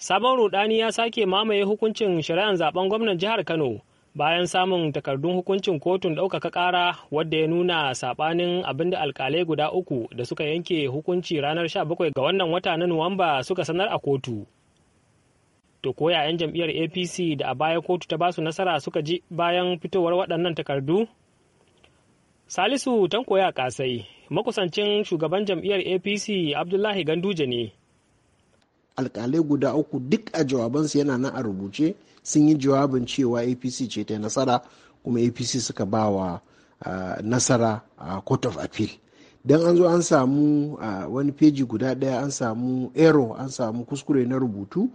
Sabon rudani ya sake mamaye hukuncin shari'an zaben gwamnan jihar Kano bayan samun takardun hukuncin kotun ɗaukaka ƙara wadda ya nuna saɓanin abinda alkalai guda uku da suka yanke hukunci ranar 17 ga wannan wata na Nuwamba suka sanar a kotu. To koya 'yan jam'iyyar APC da a baya kotu ta basu nasara suka ji bayan fitowar waɗannan takardu? Salisu Tankoya Kasai, makusancin shugaban jam'iyyar APC Abdullahi Ganduje ne. alkalai guda uku duk a jawabansu yana nan a rubuce sun yi jawabin cewa apc ce ta nasara kuma apc suka ba wa nasara a court of appeal don an zo an samu wani feji guda daya an samu ero an samu kuskure na rubutu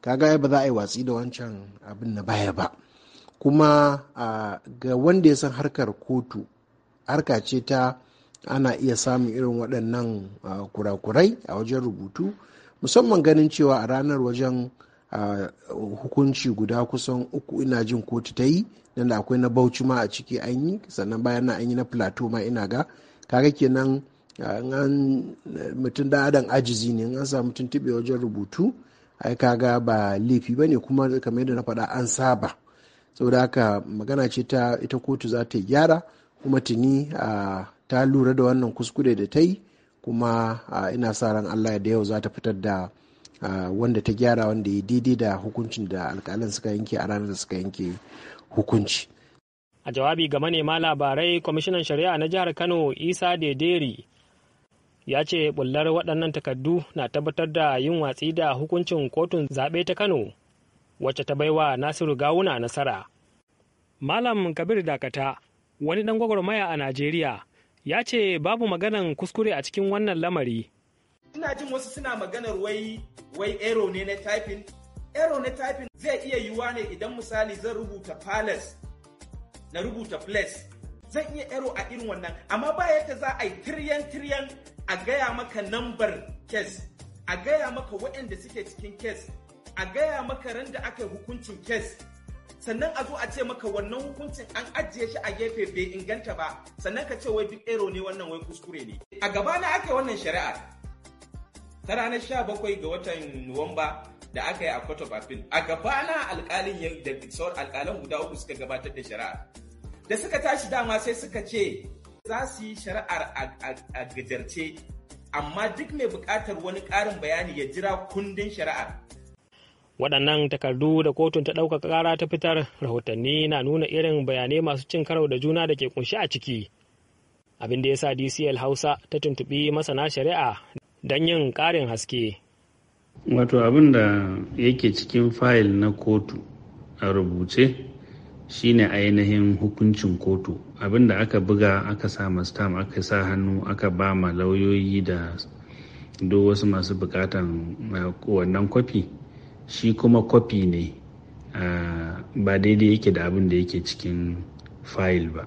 kaga ba za a yi watsi da wancan abin na baya ba kuma ga wanda ya san harkar kotu harka ce ta ana iya samun irin waɗannan kurakurai a wajen rubutu musamman ganin cewa a ranar wajen hukunci guda kusan uku ina jin kotu ta yi nan da akwai na bauchi ma a ciki an yi sannan bayan na an yi na plateau ma ina ga kaga kenan an mutum da adam ajizi ne an samu tuntuɓe wajen rubutu ai kaga ba laifi ba ne kuma kamar yadda na faɗa an saba saboda haka magana ce ta ita kotu za ta gyara kuma tuni ta lura da wannan kuskure da ta yi kuma ah, ina sa ran allah da yau za ta fitar da ah, wanda ta gyara wanda ya didi da hukuncin da alkalin suka yanke a ranar da suka yanke hukunci a jawabi ga manema labarai kwamishinan shari'a na jihar kano isa dederi ya ce bullar waɗannan takardu na tabbatar da yin watsi da hukuncin kotun zaɓe ta kano wacce ta baiwa nasiru gawuna nasara malam kabir dakata wani ɗan gwagwarmaya a najeriya ya ce babu maganan kuskure a cikin wannan lamari. Ina jin wasu suna maganar wai wai ero ne na typing. Ero na typing zai iya yiwuwa ne idan misali zan rubuta palace na rubuta place. Zan iya ero a irin wannan, amma ba yadda za a yi tiryan tiryan a gaya maka nambar kes, a gaya maka waɗanda suke cikin kes, a gaya maka randa aka hukuncin kes, sannan a zo a ce maka wannan hukuncin an ajiye shi a gefe bai inganta ba sannan ka ce wai duk ero ne wannan wai kuskure ne a gaba na aka wannan shari'a ta ranar sha bakwai ga watan nuwamba da aka yi a court of appeal a gaba na alkalin da alkalan guda uku suka gabatar da shari'a da suka tashi dama sai suka ce za su yi shari'ar a gajarce amma duk mai buƙatar wani ƙarin bayani ya jira kundin shari'ar waɗannan takardu da kotun ta ɗaukaka ƙara ta fitar rahotanni na nuna irin bayanai masu cin karo da juna da ke kunshi a ciki abin da ya sa dcl hausa ta tuntuɓi masana shari'a don yin ƙarin haske wato abin da yake cikin fayil na kotu a rubuce shine ainihin hukuncin kotu abin da aka buga aka sa stamp aka sa hannu aka ba ma lauyoyi da duk wasu masu bukatan eh, wannan kwafi shi kuma kwafi ne ba daidai yake da abin da yake cikin fayil ba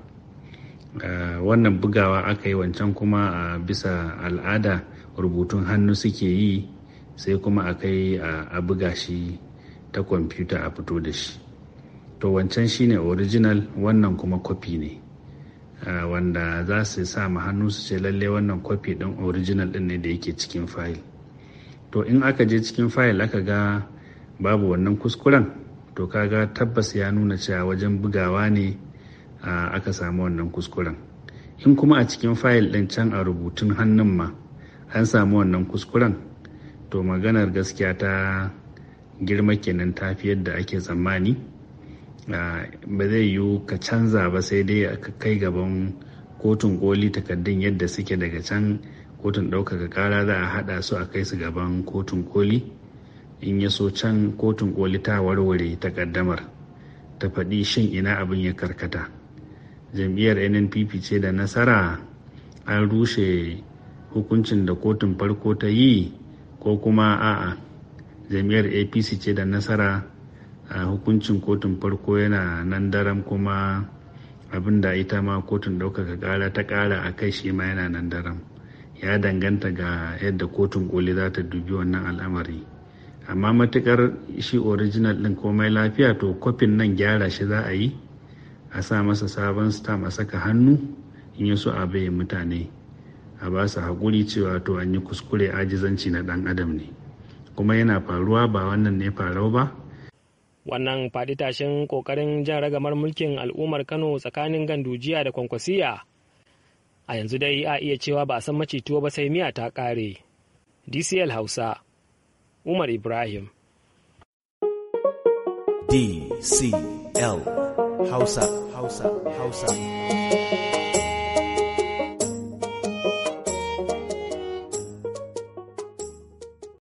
wannan bugawa aka yi wancan kuma a bisa al'ada rubutun hannu suke yi sai kuma a kai a buga shi ta kwamfuta a fito da shi to wancan shine original wannan kuma kwafi ne wanda za su sa ma hannu su ce lalle wannan kwafi ɗin original ɗin ne da yake cikin fayil to in aka je cikin fayil aka ga babu wannan kuskuren to kaga tabbas ya nuna cewa wajen bugawa ne aka samu wannan kuskuren in kuma a cikin fayil ɗin can a rubutun hannun ma an samu wannan kuskuren to maganar gaskiya ta girma kenan ta fi yadda ake tsammani ba zai yiwu ka canza ba sai dai ka kai gaban kotun koli takaddun yadda suke daga can kotun ɗaukaka kara za a haɗa su a kai su gaban kotun koli in ya so can kotun koli ta warware ta takaddamar ta faɗi shin ina abin ya karkata jam'iyyar nnpp ce da nasara an rushe hukuncin da kotun farko ta yi ko kuma a'a jam'iyyar apc ce da nasara a hukuncin kotun farko yana nan daram kuma abin da ita ma kotun ɗaukaka ƙara ta ƙara a kai shi ma yana nan daram ya danganta ga yadda kotun koli za ta dubi wannan al'amari amma matukar shi original din komai lafiya to kwafin nan gyara shi za a yi a sa masa sabon stamp a saka hannu in yi su a bayan mutane a ba su haƙuri cewa to an yi kuskure ajizanci na ɗan adam ne kuma yana faruwa ba wannan ne farau ba wannan faɗi tashin ƙoƙarin jan ragamar mulkin al'ummar kano tsakanin gandujiya da kwankwasiya a yanzu dai a iya cewa ba a san macituwa ba sai miya ta ƙare dcl hausa Umar Ibrahim. DCL Hausa, Hausa, Hausa.